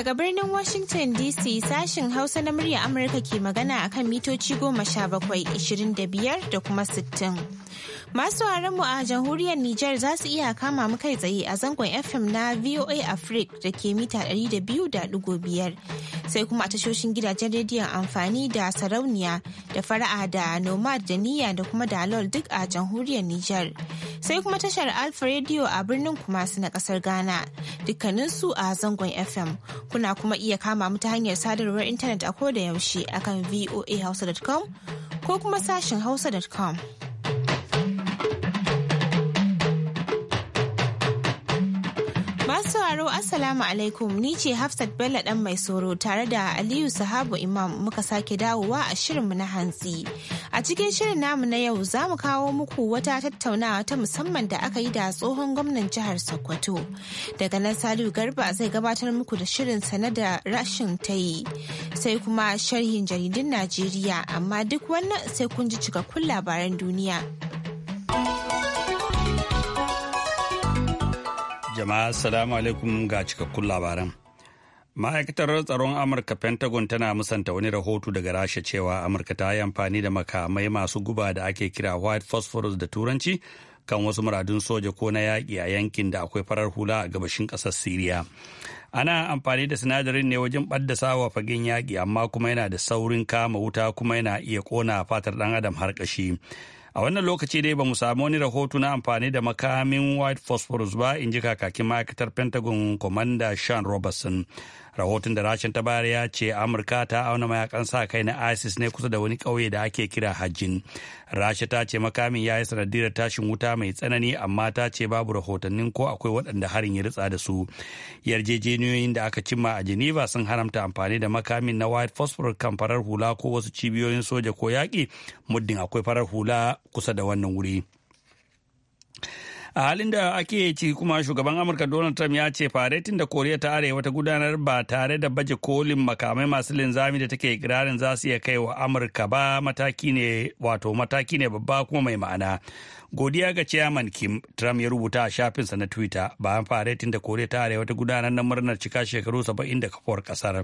Daga birnin Washington DC sashin Hausa na murya Amurka ke magana a kan mitoci goma sha bakwai, ishirin da biyar da kuma sittin. Masu mu a jamhuriyar Nijar za su iya kama mu kai tsaye a zangon FM na VOA Africa da ke mita ɗari da da biyu biyar. sai kuma a tashoshin gidajen rediyon amfani da sarauniya da fara'a da nomad da niyya da kuma da Lol duk a jamhuriyar Nijar. Sai kuma tashar Alfa Radio a birnin Kumasi na kasar Ghana dukkaninsu a zangon FM Kuna kuma iya kama mu ta hanyar sadarwar intanet a koda yaushe akan voa hausa.com ko kuma sashin hausa.com. sauraro Assalamu alaikum ni ce Hafsat Bello dan mai soro tare da Aliyu Sahabu Imam muka sake dawowa a shirinmu na hantsi. A cikin shirin namu na yau za mu kawo muku wata tattaunawa ta musamman da aka yi da tsohon gwamnan jihar Sokoto. Daga nan Salihu Garba zai gabatar muku da shirin na da rashin ta yi. Sai kuma sharhin jaridun Najeriya amma duk wannan sai kun ji cikakkun labaran duniya. Jama'a salamu alaikum ga cikakkun labaran. Ma'aikatar tsaron Amurka Pentagon tana musanta wani rahoto daga Rasha cewa Amurka ta yi amfani da makamai masu guba da ake kira white phosphorus da turanci kan wasu muradun soja ko na yaƙi a yankin da akwai farar hula a gabashin ƙasar Siriya. Ana amfani da sinadarin ne wajen ɓaddasa wa fagen yaƙi amma kuma yana da saurin kama wuta kuma yana iya ƙona fatar ɗan adam har ƙashi. a wannan lokaci dai ba mu samu wani rahoto na amfani da makamin white phosphorus ba in ji kakakin ma'aikatar pentagon commander sean robertson rahoton da rashin ta bayar ya ce amurka ta auna mayakan sa kai na isis ne kusa da wani kauye da ake kira hajjin rasha ta ce makamin ya yi sanadiyar tashin wuta mai tsanani amma ta ce babu rahotannin ko akwai waɗanda harin ya ritsa da su yarjejeniyoyin da aka cimma a geneva sun haramta amfani da makamin na white phosphorus kan farar hula ko wasu cibiyoyin soja ko yaƙi muddin akwai farar hula kusa da wannan wuri a halin da ake ci kuma shugaban amurka donald trump ya ce faretin da koriya ta arewa ta gudanar ba tare da baje kolin makamai masu linzami da take ikirarin za su iya kai wa amurka ba mataki ne wato mataki ne babba kuma mai ma'ana godiya ga chairman kim trump ya rubuta a shafinsa na twitter bayan faretin da koriya ta arewa ta gudanar na murnar cika shekaru saba'in da kafuwar kasar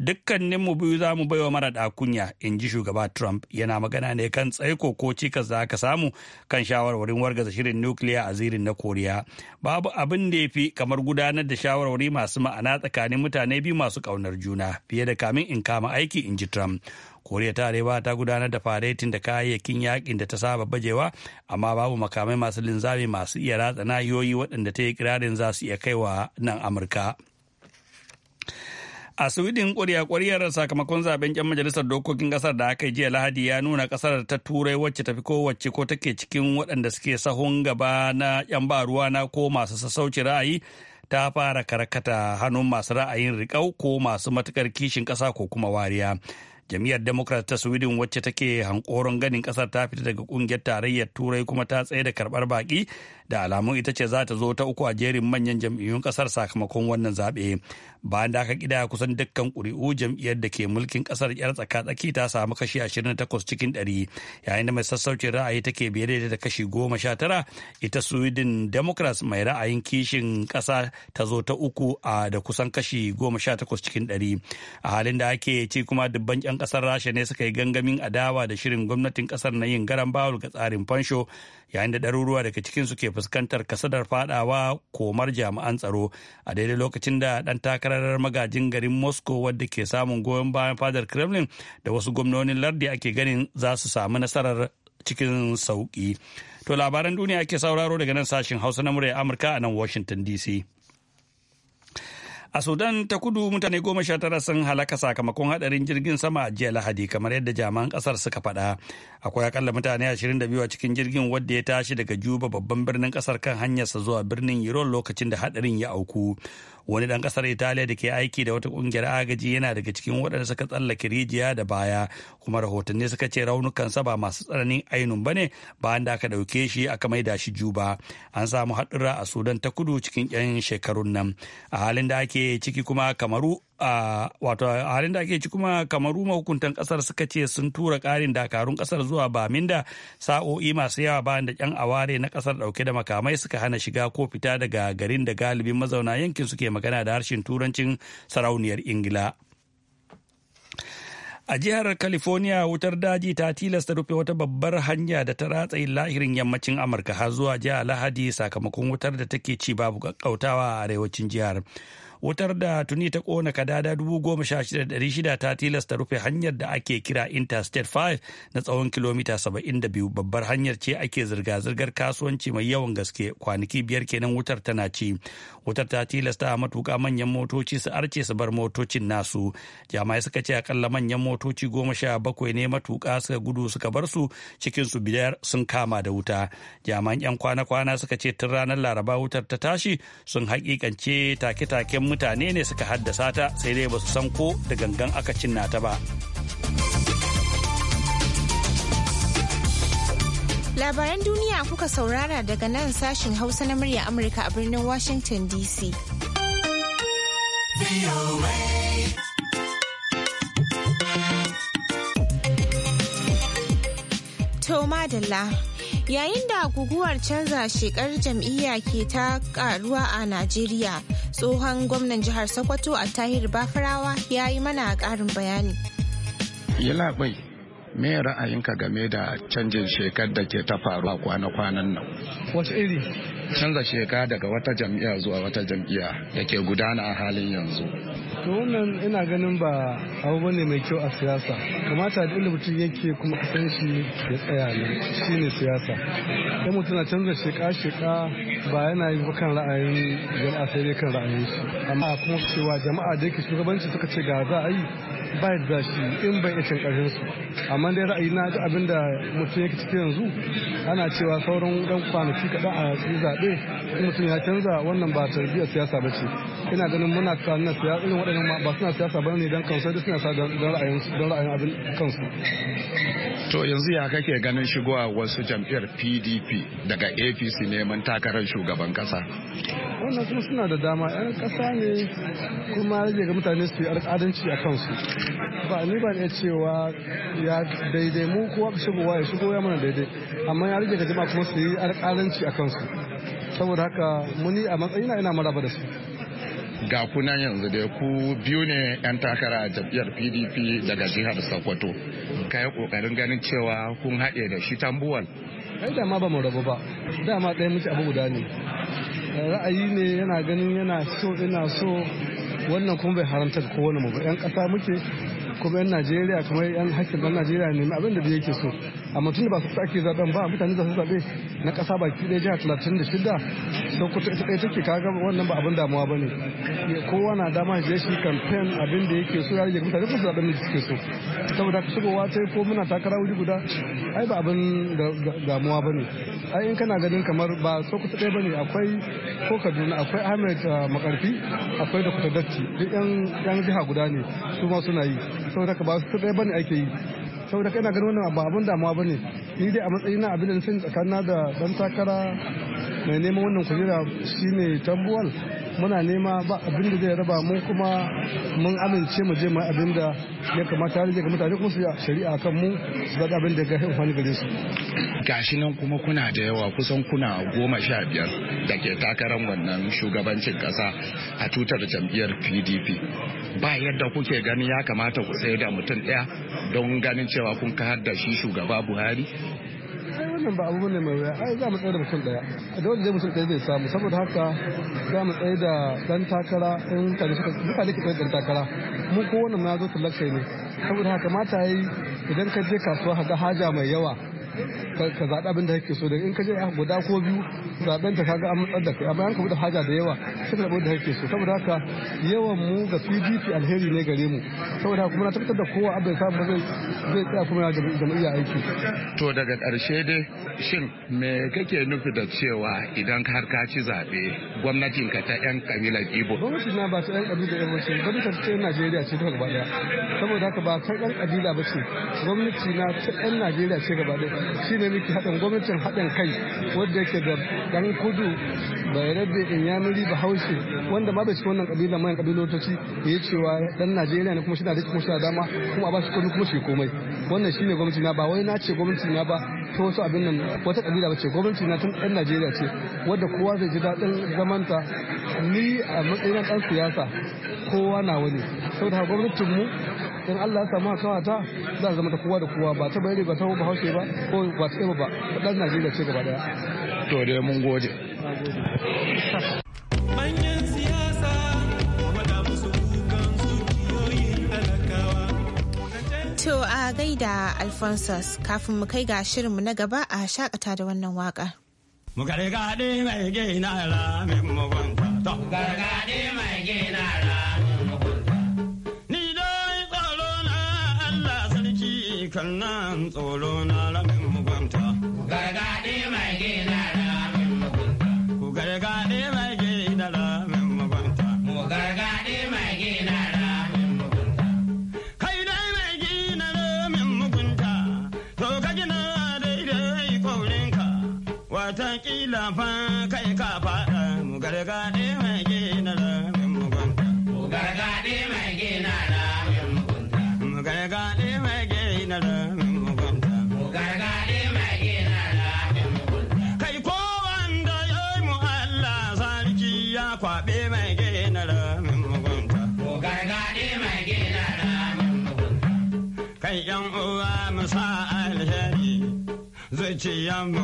dukkanin mu biyu za mu bai wa mara kunya in ji shugaba trump yana magana ne kan tsaiko ko cikas da aka samu kan shawarwarin wargaza shirin nukiliya a zirin na koriya babu abin da ya fi kamar gudanar da shawarwari masu ma'ana tsakanin mutane biyu masu ƙaunar juna fiye da kamin in kama aiki in ji trump koriya ta arewa ta gudanar da faretin da kayayyakin yakin da ta saba bajewa amma babu makamai masu linzami masu iya ratsa nahiyoyi waɗanda ta yi kirarin za su iya kaiwa nan amurka a sweden kuriya kuriyar sakamakon zaben yan majalisar dokokin kasar da aka yi jiya lahadi ya nuna kasar da ta turai wacce tafi kowace ko take cikin waɗanda suke sahun gaba na yan ba ruwa na ko masu sassauci ra'ayi ta fara karkata hannun masu ra'ayin rikau ko masu matukar kishin ƙasa ko kuma wariya jam'iyyar democrat ta sweden wacce take hankoron ganin kasar ta fita daga kungiyar tarayyar turai kuma ta tsaye da karbar baki da alamun ita ce za ta zo ta uku a jerin manyan jam'iyyun kasar sakamakon wannan zaɓe bayan da aka kida kusan dukkan ƙuri'u jam'iyyar da ke mulkin kasar yar tsaka tsaki ta samu kashi 28 cikin 100 yayin da mai sassaucin ra'ayi take biye da kashi tara ita sweden democrats mai ra'ayin kishin ƙasa ta zo ta uku a da kusan kashi 18 cikin 100 a halin da ake ci kuma dubban 'yan ƙasar rasha ne suka yi gangamin adawa da shirin gwamnatin ƙasar na yin garan bawul ga tsarin fansho yayin da ɗaruruwa daga cikinsu ke fuskantar kasadar fadawa komar jami'an tsaro a daidai lokacin da ɗan takarar magajin garin moscow wadda ke samun goyon bayan fadar kremlin da wasu gwamnonin lardi ake ganin za su samu nasarar cikin sauki to labaran duniya ake sauraro daga nan sashen hausa na murya amurka a nan washington dc A Sudan ta kudu mutane goma sha tara sun halaka sakamakon hadarin jirgin sama a jiya Lahadi kamar yadda jami'an kasar suka faɗa. Akwai akalla mutane ashirin da biyu a cikin jirgin wadda ya tashi daga Juba babban birnin kasar kan hanyarsa zuwa birnin Yiron lokacin da hadarin ya auku. wani dan kasar italiya da ke aiki da wata kungiyar agaji yana daga cikin waɗanda suka tsallake rijiya da baya kuma rahotanni suka ce sa ba masu tsananin ainun bane bayan da aka dauke shi aka maida shi juba an samu haɗura a sudan ta kudu cikin 'yan shekarun nan a halin da ake ciki kuma kamaru a wato halin da ake ci kuma kamaru mahukuntan kasar suka ce sun tura karin dakarun kasar zuwa bamin da sa'o'i masu yawa bayan da yan aware na kasar dauke da makamai suka hana shiga ko fita daga garin da galibin mazauna yankin suke magana da harshen turancin sarauniyar ingila A jihar California wutar daji ta tilasta rufe wata babbar hanya da ta ratsa lahirin yammacin Amurka har zuwa jiya Lahadi sakamakon wutar da take ci babu kakkautawa a arewacin jihar. wutar da tuni ta kona kadada dubu goma ta tilasta rufe hanyar da ake kira interstate 5 na tsawon kilomita saba'in da biyu babbar hanyar ce ake zirga-zirgar kasuwanci mai yawan gaske kwanaki biyar kenan wutar tana ci wutar ta tilasta a matuka manyan motoci su arce su bar motocin nasu jam'ai suka ce akalla manyan motoci goma sha bakwai ne matuka suka gudu suka bar su cikin su biyar sun kama da wuta jami'an yan kwana-kwana suka ce tun ranar laraba wutar ta tashi sun hakikance take-taken mutane ne suka haddasa ta sai dai ba su san ko da gangan aka cinna ta ba. Labaran duniya kuka saurara daga nan sashin Hausa na murya Amurka a birnin Washington DC. To madalla Yayin da guguwar canza shekar jam'iyya ke ta karuwa a Najeriya, tsohon gwamnan jihar Sokoto a Tahir Bafarawa ya yi mana ƙarin bayani. labai me ra'ayinka game da canjin shekar da ke ta faruwa kwana-kwanan nan? wasu iri? canza sheka daga wata jam'iyya zuwa wata jam'iyya yake gudana a halin yanzu to wannan ina ganin ba abu bane mai kyau a siyasa kamata da ilimin mutum yake kuma kusan shi ya tsaya ne shine siyasa idan mutum na canza sheka sheka ba yana yi kan ra'ayin jama'a sai dai kan ra'ayin shi amma kuma cewa jama'a da yake shugabanci suka ce ga za a yi ba da shi in bai isin karfin su amma dai ra'ayi na ji abin da mutum yake ciki yanzu ana cewa sauran dan kwanaki kaɗan a su zaɓe in mutum ya canza wannan ba tarbiyyar siyasa ba ce ina ganin muna na siyasa irin waɗannan ba suna siyasa ba ne don kansu da suna sa don ra'ayin abin kansu. to yanzu ya kake ganin shigowa wasu jam'iyyar pdp daga apc neman takarar shugaban kasa wannan kuma suna da dama 'yan kasa ne kuma rage ga mutane su yi alƙadanci a kansu ba ni ban iya cewa ya daidai mu kowa ka shigowa ya shigo ya mana daidai amma ya rage gajima kuma su yi alƙalanci a kansu saboda haka muni a matsayina ina maraba da su ga kuna yanzu da ku biyu ne 'yan takara a jam'iyyar pdp daga jihar sokoto ka yi kokarin ganin cewa kun haɗe da shi tambuwal ai da ma ba mu rabu ba dama ɗaya muke abu guda ne ra'ayi ne yana ganin yana so ina so wannan kuma bai haramta ga kowane mu ba yan kasa muke kuma yan najeriya kuma yan hakkin dan najeriya ne abin da yake so amma tun da ba su ta ake zaben ba mutane za su zaɓe na ƙasa baki ɗaya jiha talatin da shida sokoto ita ɗaya take kaga wannan ba abin damuwa ba ne kowa na dama shi shi kamfen abin da yake so ya rage mutane su zaɓen da suke so saboda ka shigowa ta ko muna takara wuri guda ai ba abin damuwa ba ne ai in kana ganin kamar ba sokoto ɗaya ba ne akwai ko kaduna akwai ahmed ah, makarfi akwai da datti duk yan jiha guda ne su ma suna yi saboda ka ba su ɗaya ba ne ake yi sau kai na ganin wannan ba abin damuwa ba ne ni dai a matsayin na abin da nufin tsakanina da ɗan takara mai neman wannan kujera shine tambuwal muna nema ba abin da zai raba mu kuma mun amince mu je mu abin da ya kamata ya ga mutane kuma su shari'a kan mu su ga abin da ga hin gare su gashi nan kuma kuna da yawa kusan kuna goma sha biyar da ke takarar wannan shugabancin kasa a tutar jam'iyyar pdp ba yadda kuke gani ya kamata ku tsaye da mutum ɗaya don ganin cewa kun ka haddashi shugaba buhari wannan ba abu ne mai wuya ai za mu tsaye da mutum daya wanda zai mutum daya zai samu saboda haka za mu tsaye da dan takara in mutane suka mutane ke tsaye da takara mu ko wannan ma zo selection ne saboda haka mata yi idan ka je kasuwa ka ga haja mai yawa ka zaɓi abin da kake so don in ka je guda ko biyu zaɓen ta kaga an matsar da kai amma an ka haja da yawa sai ka zaɓi da kake so saboda haka yawan mu ga PDP alheri ne gare mu saboda haka na tabbatar da kowa abin samu zai zai tsaya kuma ya jam'iyya aiki. To daga ƙarshe dai shin me kake nufi da cewa idan har ka ci zaɓe gwamnatin ka ta 'yan kabilar Ibo. Gwamnati na ba ta 'yan kabilar Ibo ce gwamnatin ta ce Najeriya ce ta gaba ɗaya saboda haka ba ta 'yan kabila ba ce gwamnati na ta 'yan Najeriya ce gaba ɗaya shine muke haɗin gwamnatin haɗin kai wadda yake da ɗan kudu bai rabe inyamiri ba haushe wanda ma bai ci wannan kabila mayan kabilotoci da ya cewa ɗan najeriya ne kuma shi na da kuma shi na dama kuma a ba shi kudu kuma shi komai wannan shine gwamnati na ba wai na ce gwamnati na ba ta wasu abin nan wata kabila ba ce gwamnati na tun ɗan najeriya ce wadda kowa zai ji daɗin zamanta ni a matsayin ɗan siyasa kowa na wani saboda gwamnatinmu in Allah ya samu akawa ta za zama ta kowa da kowa ba ta bayani ba ta ba haushe ba ko ba ta ba ta dan Najeriya ce gaba daya to dai mun gode To a gaida Alphonsus kafin mu kai ga mu na gaba a shakata da wannan waka. Mu mai gina ra mai mugunta. cutar nan tsoro na rabin mugunta. gargaɗe mai gina rabin mugunta. Ku gargaɗe mai gina rabin mugunta. Mu gargaɗe mai gina rabin mugunta. Kai dai mai gina rabin mugunta, to ka gina daidai kaurinka, watakila fa kwaɓe mai gina ramin mugunta. Ko gargaɗe mai gina ramin mugunta. Kai ‘yan uwa mu sa alheri, zuciyar mu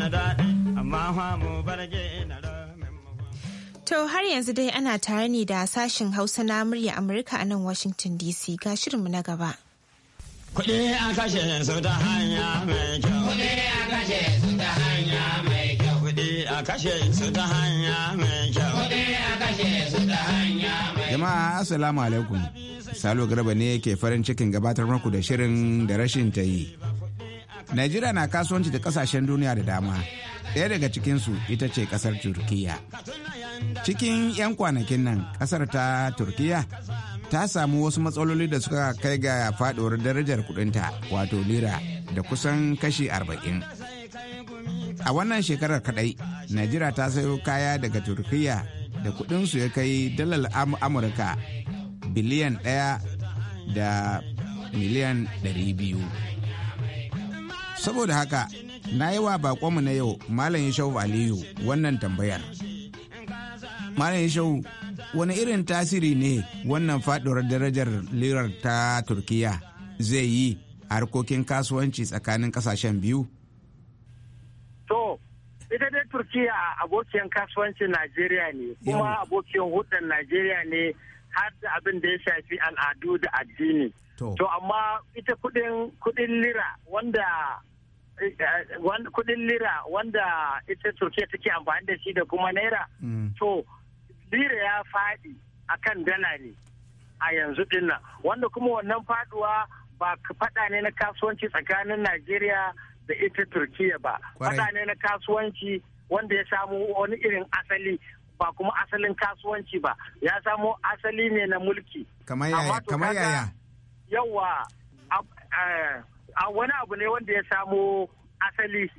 na daɗi, amma fa mu bar gina To har yanzu dai ana tare ne da sashen Hausa na murya Amurka a nan Washington DC ga shirinmu na gaba. Kuɗi a kashe su ta hanya mai kyau. Kuɗi a kashe su ta hanya a kashe su ta hanya mai kyau. Jama'a Assalamu alaikum. Salo Garba ne ke farin cikin gabatar muku da shirin da rashin ta yi. Najeriya na kasuwanci da kasashen duniya da dama. Ɗaya daga cikinsu ita ce ƙasar Turkiyya. Cikin 'yan kwanakin nan ƙasar ta Turkiyya ta samu wasu matsaloli da suka kai ga faɗuwar darajar kudinta wato lira da kusan kashi arba'in. a wannan shekarar kadai najeriya ta sayo kaya daga Turkiyya da kudinsu ya kai dalar amurka biliyan ɗaya da miliyan ɗari biyu saboda haka na yi wa bakonmu na yau malam Yishau aliyu wannan tambayar malam Yishau, wani irin tasiri ne wannan faɗuwar darajar lirar ta Turkiyya zai yi a harkokin kasuwanci tsakanin kasashen biyu ita dai turkiya abokiyan kasuwancin najeriya ne kuma abokiyan hudun najeriya ne har da abin da ya shafi al'adu da addini to amma ita kudin lira eh, eh, wanda kudin lira wanda ita turkiya take amfani da shi da kuma naira mm. to lira ya faɗi akan dala ne a yanzu dinnan wanda kuma wannan faduwa ba faɗa ne na kasuwanci tsakanin najeriya da ita turkiya ba mutane na kasuwanci wanda ya samu wani irin asali ba kuma asalin kasuwanci ba ya samu asali ne na mulki kamar yaya kamar yaya yawa a wani abu ne wanda ya samu asali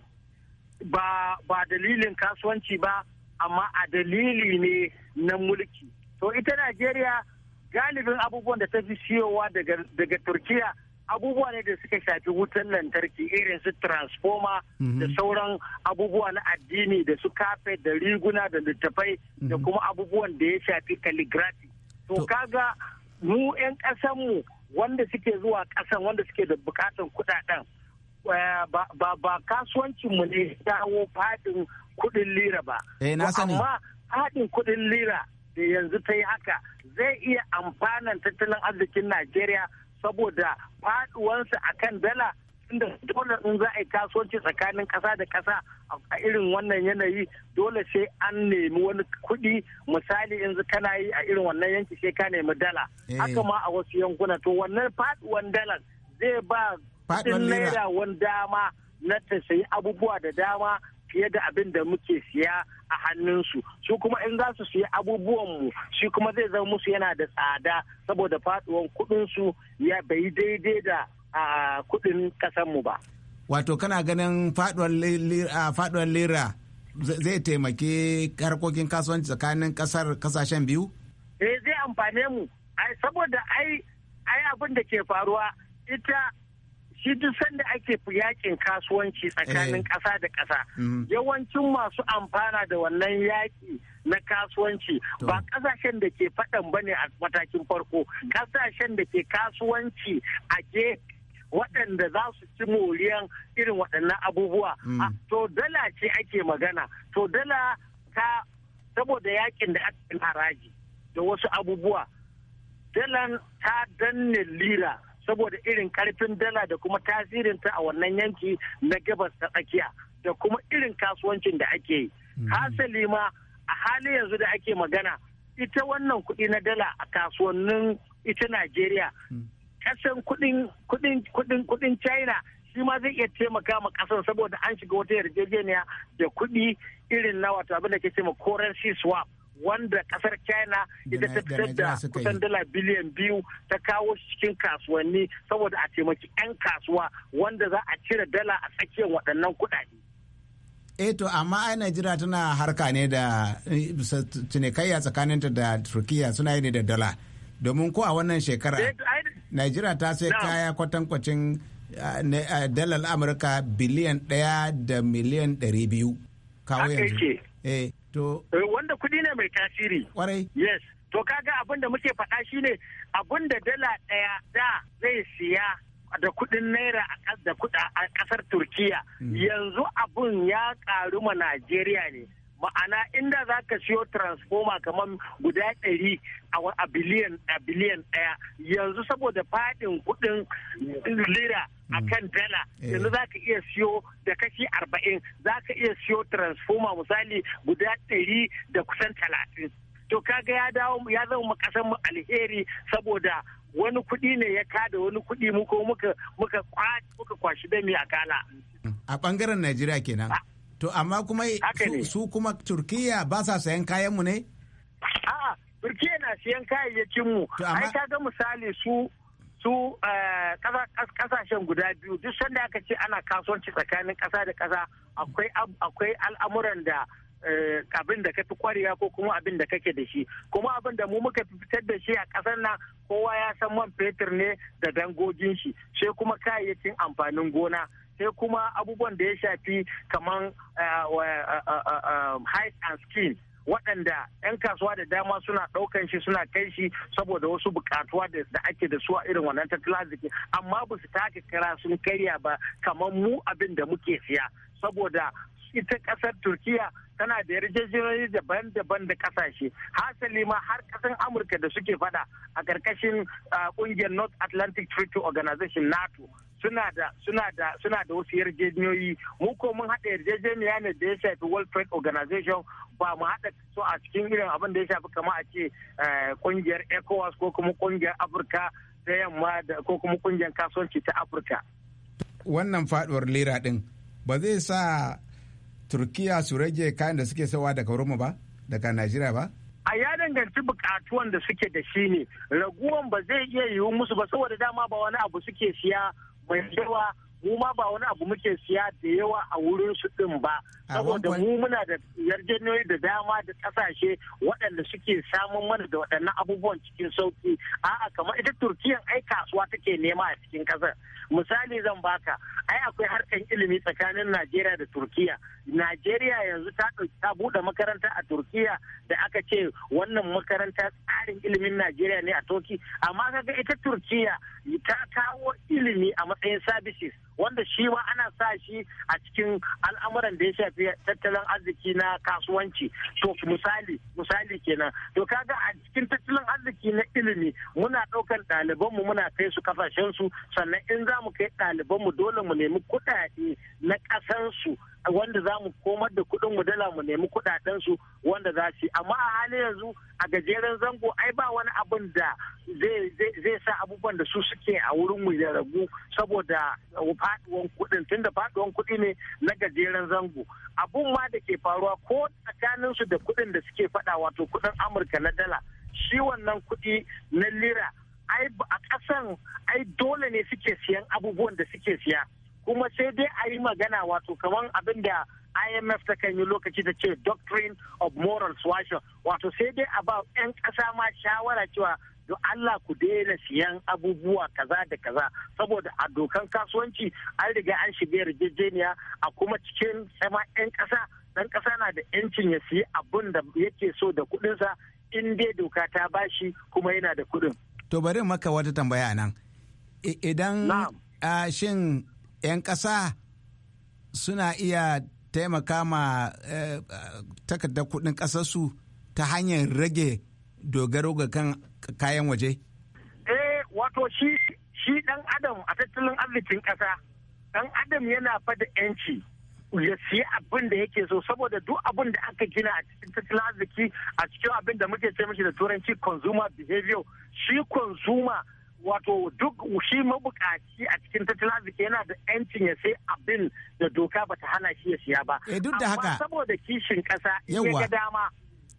ba ba dalilin kasuwanci ba amma a dalili ne na mulki to ita najeriya galibin abubuwan da ta fi siyowa daga turkiya abubuwa ne da suka shafi wutan lantarki irin su transformer mhm. da sauran abubuwa na addini da su kafe da riguna da littafai da mhm. kuma abubuwan da ya shafi calligraphy to kaga mu 'yan mu wanda suke zuwa ƙasan wanda suke da bukatan kudaden. Eh, ba mu ne dawo fadin kudin lira ba eh, amma fadin kudin lira da yanzu ta yi haka zai iya amfanan tattalin arzikin najeriya saboda faduwansa kan dala inda dole in za a yi kasuwanci tsakanin ƙasa da ƙasa a irin wannan yanayi dole sai an nemi wani kuɗi misali yanzu kana yi a irin wannan yanki sai ka nemi dala eh. haka ma a wasu yankuna to wannan faduwan dalar zai ba kuɗin naira wani dama na ta sayi abubuwa da dama fiye da abin da muke siya a hannunsu su kuma in za su siya abubuwanmu shi kuma zai zama musu yana da tsada saboda faduwan kudinsu ya bai daidai da kudin kasanmu ba wato kana ganin faduwar lira zai taimaki harkokin kasuwanci tsakanin kasar kasashen biyu eh zai amfane mu saboda ai abin da ke faruwa ita shi duk sanda ake yakin kasuwanci tsakanin eh. ƙasa da ƙasa mm-hmm. yawancin masu amfana da wannan yaƙi na kasuwanci ba ƙasashen da ke faɗan bane a matakin farko ƙasashen da ke kasuwanci a ke waɗanda za su ci moriyan irin waɗannan abubuwa mm. ah, to dala ce ake magana to dala ta saboda yakin da aka haraji da wasu abubuwa dalan ta danne lira saboda irin karfin dala da kuma tasirinta a wannan yanki na gabas ta tsakiya da kuma irin kasuwancin da ake yi. Hmm. Hasali ma a halin yanzu da ake magana ita wannan kuɗi na dala a kasuwannin ita Najeriya. Hmm. Kasan kuɗin China shi ma zai iya taimaka ma ƙasar saboda an shiga wata yarjejeniya da kuɗi irin na wata abin da ke ce ma currency swap. wanda kasar china ita ta fitar da kusan dala biliyan biyu ta kawo cikin kasuwanni saboda a taimaki 'yan kasuwa wanda za a cire dala a tsakiyar waɗannan kuɗaɗe. eh to amma ai najeriya tana harka ne da eh, cinikayya tsakaninta da turkiya suna yi ne da dala domin ko a wannan shekara eh, najeriya ta sai kaya kwatankwacin eh, dalar amurka biliyan ɗaya da miliyan ɗari biyu kawo yanzu To. Eh, wanda kudi ne mai tasiri. Kwarai. Yes. To kaga abin da muke faɗa ne abin da dala ɗaya da zai siya da kudin naira a ƙasar turkiya hmm. yanzu abun ya karu ma najeriya ne ma'ana inda za ka siyo transforma kamar guda ɗari a biliyan a biliyan ɗaya yanzu saboda faɗin kuɗin lira a mm. kan dala eh. yanzu za ka iya siyo da kashi arba'in za ka iya siyo transforma misali guda ɗari da kusan talatin to kaga ya dawo ya zama kasan mu alheri saboda wani kuɗi ne ya kada wani kuɗi muka muka kwashi dami a kala a bangaren najeriya kenan To amma kuma su kuma Turkiya ba sa sayan kayanmu ne? A'a, Turkiya na siyan kayayyakinmu. Ai ka ga misali su su eh, kasashen guda biyu duk sanda aka ce ana kasuwanci tsakanin kasa da kasa akwai akwai al'amuran da eh, abin da ka fi kwarewa ko kuma abin da kake da shi kuma abin da mu muka fitar da shi a ƙasar nan kowa ya san man fetur ne da dangogin shi sai kuma kayayyakin amfanin gona sai kuma abubuwan da ya shafi kaman eh, eh, eh, height and skin waɗanda 'yan kasuwa da dama suna ɗaukan shi suna kai shi saboda wasu bukatuwa da ake da su a irin wannan tattalin arziki amma ba su taka kira sun karya ba kamar mu abin da muke siya saboda ita ƙasar turkiya tana da yarjejeniyoyi daban-daban da ƙasashe hasali ma har kasan amurka da suke fada a ƙarƙashin kungiyar north atlantic treaty organization nato suna da wasu yarjejeniyoyi mu ko mun haɗa yarjejeniya ne da ya shafi World Trade Organization ba mu haɗa su a cikin irin abin da ya shafi kama a ce kungiyar eh, ECOWAS ko kuma kungiyar Afirka ta yamma ko kuma kungiyar kasuwanci ta Afirka. Wannan faduwar lera ɗin ba zai sa Turkiya su rage kayan da suke sawa daga Roma ba daga Najeriya ba? a ya danganci bukatuwan da suke da shi ne raguwan ba zai iya yiwu musu ba saboda dama ba wani abu suke siya mai yawa mu ma ba wani abu muke siya da yawa a wurin su din ba saboda mu muna da yarjejeniyoyi da dama da kasashe waɗanda suke samun mana da waɗannan abubuwan cikin sauki a'a kamar ita turkiyan ai kasuwa take nema a cikin ƙasar misali zan baka ai akwai harkan ilimi tsakanin najeriya da turkiya najeriya yanzu ta ta buɗe makaranta a turkiya da aka ce wannan makaranta tsarin ilimin najeriya ne a toki amma kaga ita turkiya ta kawo ilimi a matsayin services wanda shi ma ana sa shi a cikin al'amuran da ya shafi tattalin arziki na kasuwanci to misali misali kenan to kaga a cikin tattalin arziki na ilimi muna ɗaukar ɗalibanmu muna kai su su sannan in za mu kai ɗalibanmu dole mu nemi kuɗaɗe na ƙasansu wanda za mu komar da kuɗin mu dala mu nemi kuɗaɗen su wanda za su amma a halin yanzu a gajeren zango ai ba wani abin da zai sa abubuwan da su suke a wurin mu ya ragu saboda faduwan kudin tunda faduwan kuɗi ne na gajeren zango abun ma da ke faruwa ko tsakanin su da kuɗin da suke faɗa wato kuɗin amurka na dala shi wannan kuɗi na lira ai a kasan ai dole ne suke siyan abubuwan da suke siya kuma sai dai a yi magana wato kamar abin da IMF ta kan yi lokaci da ce doctrine of moral suasion wato sai dai a ba 'yan ƙasa ma shawara cewa do Allah ku daina siyan abubuwa kaza da kaza saboda a dokan kasuwanci an riga an shiga yarjejeniya a kuma cikin sama 'yan ƙasa ɗan ƙasa na da 'yancin ya siya abin da yake so da kuɗinsa in dai doka ta bashi kuma yana da kuɗin. To bari maka wata tambaya nan. Idan shin 'yan ƙasa suna iya taimaka ma eh, takarda kuɗin ƙasarsu ta hanyar rage dogaro ga kan kayan waje? Eh, wato shi shi ɗan adam a tattalin arzikin ƙasa, ɗan adam yana fada 'yanci. ya siya abin da yake so saboda duk abin da aka gina a cikin tattalin arziki a cikin abin da muke ce mashi da turanci consumer behavior shi consumer wato duk shi mabukaci a cikin tattalin arziki yana da yancin ya sai abin da doka ba ta hana shi ya siya ba. E duk da haka. saboda kishin kasa ya ga dama.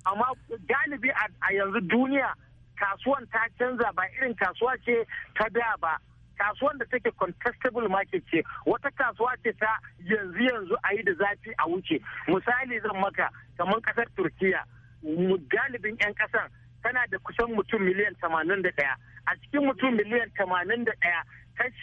Amma galibi a yanzu duniya kasuwan ta canza ba irin kasuwa ce ta da ba. kasuwan da take contestable market ce wata kasuwa ce ta yanzu yanzu a yi da zafi a wuce misali zan maka kamar kasar turkiya galibin 'yan kasan tana da kusan mutum miliyan 81 a cikin mutum miliyan tamanin da ɗaya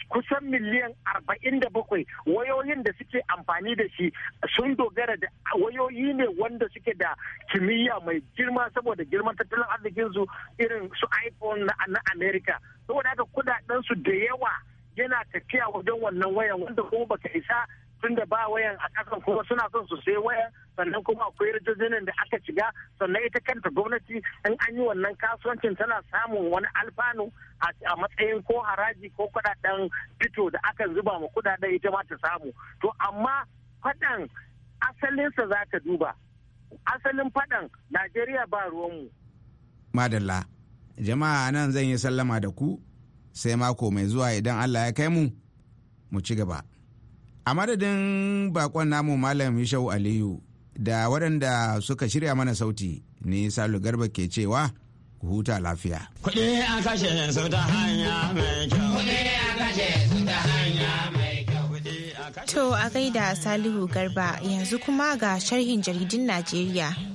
kusan miliyan arba'in da bakwai wayoyin da suke amfani da shi sun dogara da wayoyi ne wanda suke da kimiyya mai girma saboda girman tattalin arzikinsu irin su iphone na america saboda haka kudadensu da yawa yana tafiya wajen wannan wayan wanda kuma baka isa tunda ba wayan a kasan kuma suna son su sai wayan sannan kuma akwai yarjejeniyar da aka shiga sannan ita kanta gwamnati in an yi wannan kasuwancin tana samun wani alfanu a matsayin ko haraji ko kudaden fito da aka zuba ma kudaden ita ma ta samu to amma faɗan asalinsa za ka duba asalin faɗan najeriya ba ruwanmu madalla jama'a nan zan yi sallama da ku sai mako mai zuwa idan allah ya kai mu mu ci gaba a madadin bakon namu malam yishau aliyu da waɗanda suka shirya mana sauti ni salu garba ke cewa ku huta lafiya. Kuɗi a kashe su ta hanya mai kyau. Kuɗi a kashe su ta hanya mai kyau. To a gaida Salihu Garba yanzu kuma ga sharhin jaridun Najeriya.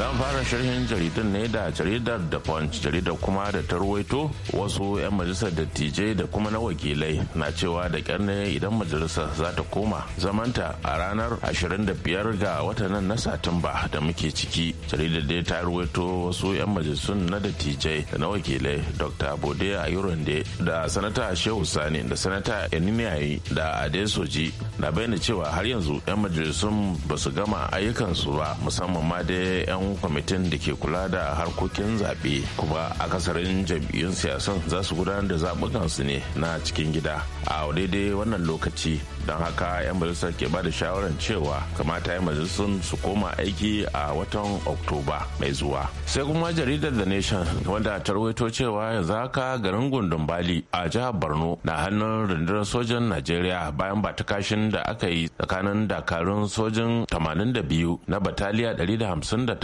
zan fara sharhin jaridar ne da jaridar da punch jaridar kuma da ta ruwaito wasu 'yan majalisar dattijai da kuma na wakilai na cewa da kyar idan majalisar za ta koma zamanta a ranar 25 ga watanan na satumba da muke ciki jaridar da ta ruwaito wasu 'yan majalisun na dattijai da na wakilai dr bode ayurande da sanata shehu sani da sanata eniniyayi da adesoji na bayyana cewa har yanzu 'yan majalisun ba su gama ayyukansu ba musamman ma dai 'yan kwamitin da ke kula da harkokin zaɓe kuma akasarin jam'iyyun siyasan za su gudanar da su ne na cikin gida a daidai wannan lokaci don haka 'yan majalisar ke bada shawarar cewa kamata 'yan majalisun su koma aiki a watan oktoba mai zuwa sai kuma jaridar the nation wanda ta rawaito cewa yanzu haka garin gundun bali a jihar borno na hannun rundunar sojan najeriya bayan batakashin da aka yi tsakanin dakarun sojin 82 na bataliya 158 da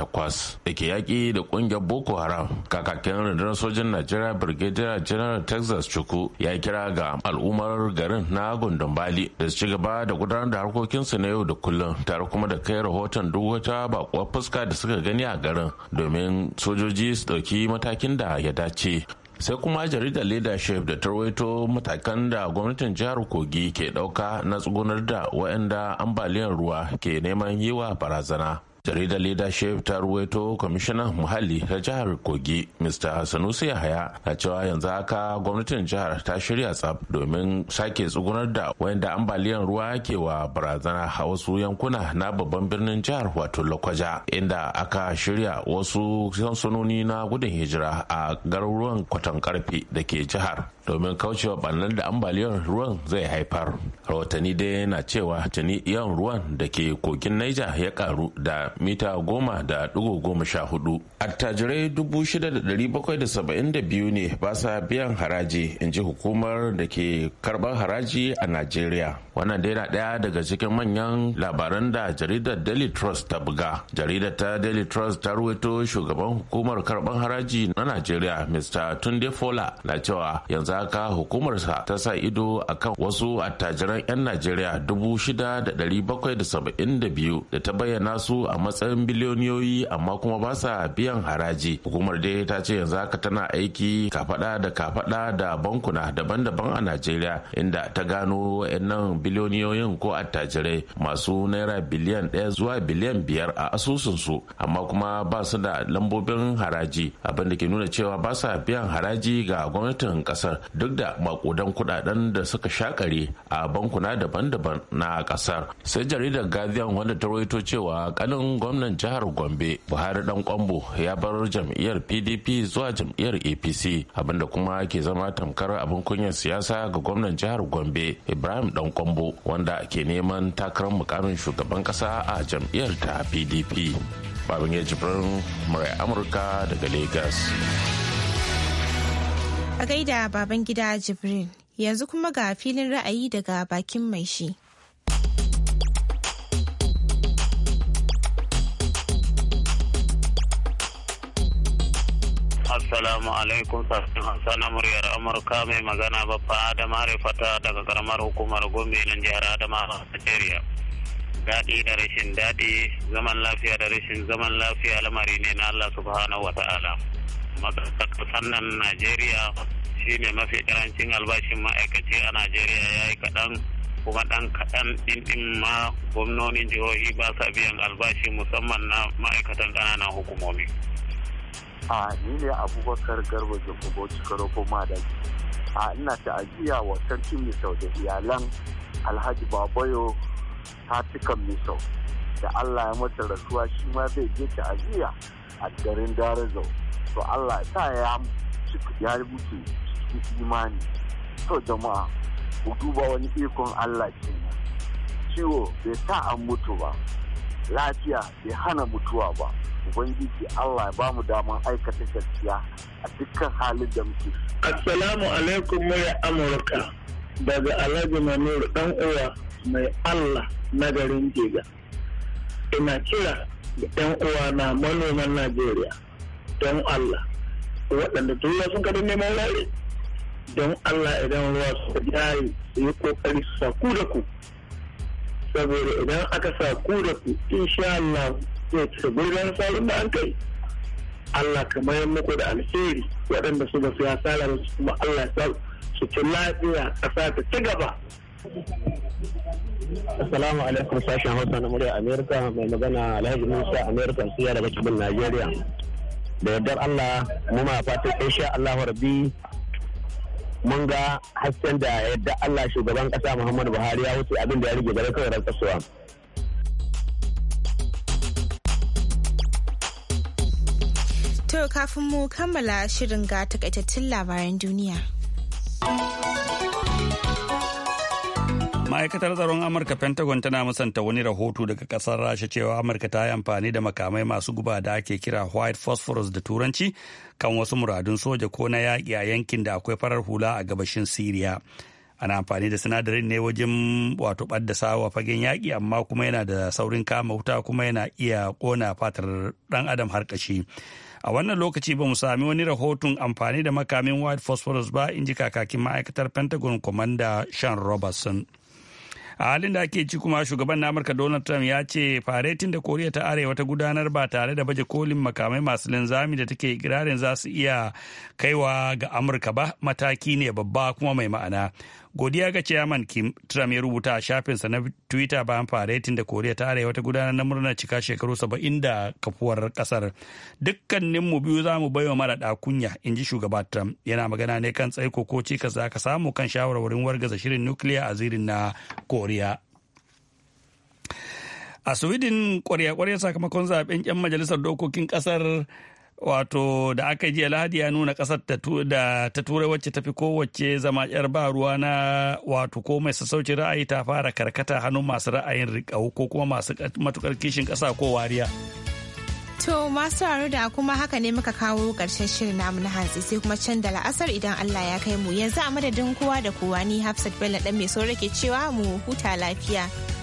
ke yaƙi da ƙungiyar boko haram kakakin rundunar sojan najeriya brigadier general texas chuku ya kira ga al'ummar garin na gundun bali da da su ci gaba da gudanar da harkokinsu na yau da kullum tare kuma da kai rahoton duk wata bakuwar fuska da suka gani a garin domin sojoji su ɗauki matakin da ya dace sai kuma jaridar leadership da ta rawaito matakan da gwamnatin jihar kogi ke ɗauka na tsugunar da waɗanda ambaliyar ruwa ke neman yiwa barazana jaridar leadership ta ruwaito kwamishinan muhalli ta jihar kogi mr sanusi yahaya na cewa yanzu haka gwamnatin jihar ta shirya tsaf domin sake tsugunar da wanda ambaliyar ruwa ke wa barazana a wasu yankuna na babban birnin jihar wato lokwaja inda aka shirya wasu sansanoni na gudun hijira a garuruwan kwatan karfe da ke jihar domin kaucewa bannan da ambaliyar ruwan zai haifar rahotanni dai na cewa tuni yawan ruwan da ke kogin naija ya karu da mita goma da ɗigo goma sha hudu. Attajirai dubu shida da ɗari bakwai da saba'in da biyu ne ba sa biyan haraji in ji hukumar da ke karɓar haraji a Najeriya. Wannan dai na ɗaya daga cikin manyan labaran da jaridar Daily Trust ta buga. Jaridar ta Daily Trust ta ruwaito shugaban hukumar karɓar haraji na Najeriya Mr. Tunde Fola na cewa yanzu haka hukumarsa ta sa ido a kan wasu attajiran 'yan Najeriya dubu shida da ɗari bakwai da saba'in da biyu da ta bayyana su a matsayin biliyoniyoyi amma kuma ba sa biyan haraji hukumar dai ta ce yanzu haka tana aiki kafada da kafada da bankuna daban-daban a najeriya inda ta gano wayannan biliyoniyoyin ko attajirai masu naira biliyan ɗaya zuwa biliyan biyar a asusun su. amma kuma ba su da lambobin haraji abin da ke nuna cewa ba sa biyan haraji ga gwamnatin kasar duk da makudan kudaden da suka shakare a bankuna daban-daban na kasar sai jaridar gadiyan wanda ta rawaito cewa kanin gwamnan jihar gombe buhari dan kwambo ya bar jam'iyyar pdp zuwa jam'iyyar apc abinda kuma ke zama tamkar abin kunyar siyasa ga gwamnan jihar gombe ibrahim dan kwambo wanda ke neman takarar mukamin shugaban kasa a jam'iyyar ta pdp babin ya jibrin murai amurka daga lagos a gaida baban gida jibrin yanzu kuma ga filin ra'ayi daga bakin mai shi Assalamu alaikum sassan muryar Amurka mai magana babba Adama Rifata daga karamar hukumar Gombe nan jihar adama Najeriya. Daɗi da rashin daɗi, zaman lafiya da rashin zaman lafiya lamari ne na Allah subhanahu wa ta'ala. sannan nan Najeriya shi mafi karancin albashin ma'aikaci a Najeriya ya yi kaɗan kuma ɗan kaɗan ɗin ma gwamnonin jihohi ba sa biyan albashi musamman na ma'aikatan ƙananan hukumomi. a ni ne abubakar garba jakubo karo ko madaki a ina ta ajiya wa sarkin misau da iyalan alhaji babayo ta tatikan misau da allah ya mata rasuwa shi ma zai je ta ajiya a garin darazo to allah ta ya ya rubuce cikin imani to jama'a ku duba wani ikon allah kenan ciwo bai sa an mutu ba lafiya bai hana mutuwa ba ubangiji allah ba mu damar aikata gaskiya a dukkan halin da muke assalamu alaikum mai amurka daga alhaji manur dan uwa mai allah na garin jega ina kira da yan uwa na manoman najeriya don allah waɗanda tun sun kada neman rari. don allah idan ruwa su jaye su yi kokari su saku da ku saboda idan aka saku da ku insha allah ya ce gurbin sabon da an kai Allah ka mayar muku da alheri waɗanda su ba su ya tsara su kuma Allah ya su ci lafiya ƙasa ta ci gaba. Assalamu alaikum sashen Hausa na murya Amerika mai magana Alhaji Musa Amerika siya daga cikin Najeriya. Da yardar Allah mu ma fatan sha Allah rabbi mun ga hasken da yadda Allah shugaban kasa Muhammadu Buhari ya wuce abin da ya rige gare kawai ran kasuwa. To kafin mu kammala shirin ga takaitattun labaran duniya. ma'aikatar tsaron amurka pentagon tana musanta wani rahoto daga kasar rasha cewa amurka ta yi amfani da makamai masu guba da ake kira white phosphorus da turanci kan wasu muradun soja ko na yaƙi a yankin da akwai farar hula a gabashin syria ana amfani da sinadarin ne wajen wato ɓadda sawa fagen yaƙi amma kuma yana da saurin kama wuta kuma yana iya ƙona fatar ɗan adam har ƙashi a wannan lokaci ba mu sami wani rahoton amfani da makamin white phosphorus ba in ji kakakin ma'aikatar pentagon commander sean robertson a halin da ake ci kuma shugaban na amurka donald trump ya ce faretin da koriya ta arewa ta gudanar ba tare da baje kolin makamai masu linzami da take ikirarin za su iya kaiwa ga amurka ba mataki ne babba kuma mai ma'ana godiya ga chairman kim trump ya rubuta a shafinsa na twitter bayan faretin da koriya ta arewa ta gudanar na murnar cika shekaru saba'in da kafuwar kasar dukkaninmu biyu zamu mu baiwa mara da kunya in ji shugaba trump yana magana ne kan tsaiko ko cikas za ka samu kan shawarwarin wargaza shirin nukiliya a zirin na koriya a sweden kwarya-kwarya sakamakon zaben 'yan majalisar dokokin kasar wato da aka jiya lahadi ya nuna kasar da ta turai wacce tafi kowace zama yar ba ruwa na wato ko mai sassauci ra'ayi ta fara karkata hannun masu ra'ayin riƙau ko kuma masu matukar kishin ƙasa ko wariya To masu sauraro da kuma haka ne muka kawo ƙarshen shirin namu na hantsi sai kuma can da la'asar idan Allah ya kai mu yanzu a madadin kowa da kowa ni Hafsat Bello dan mai sauraki cewa mu huta lafiya.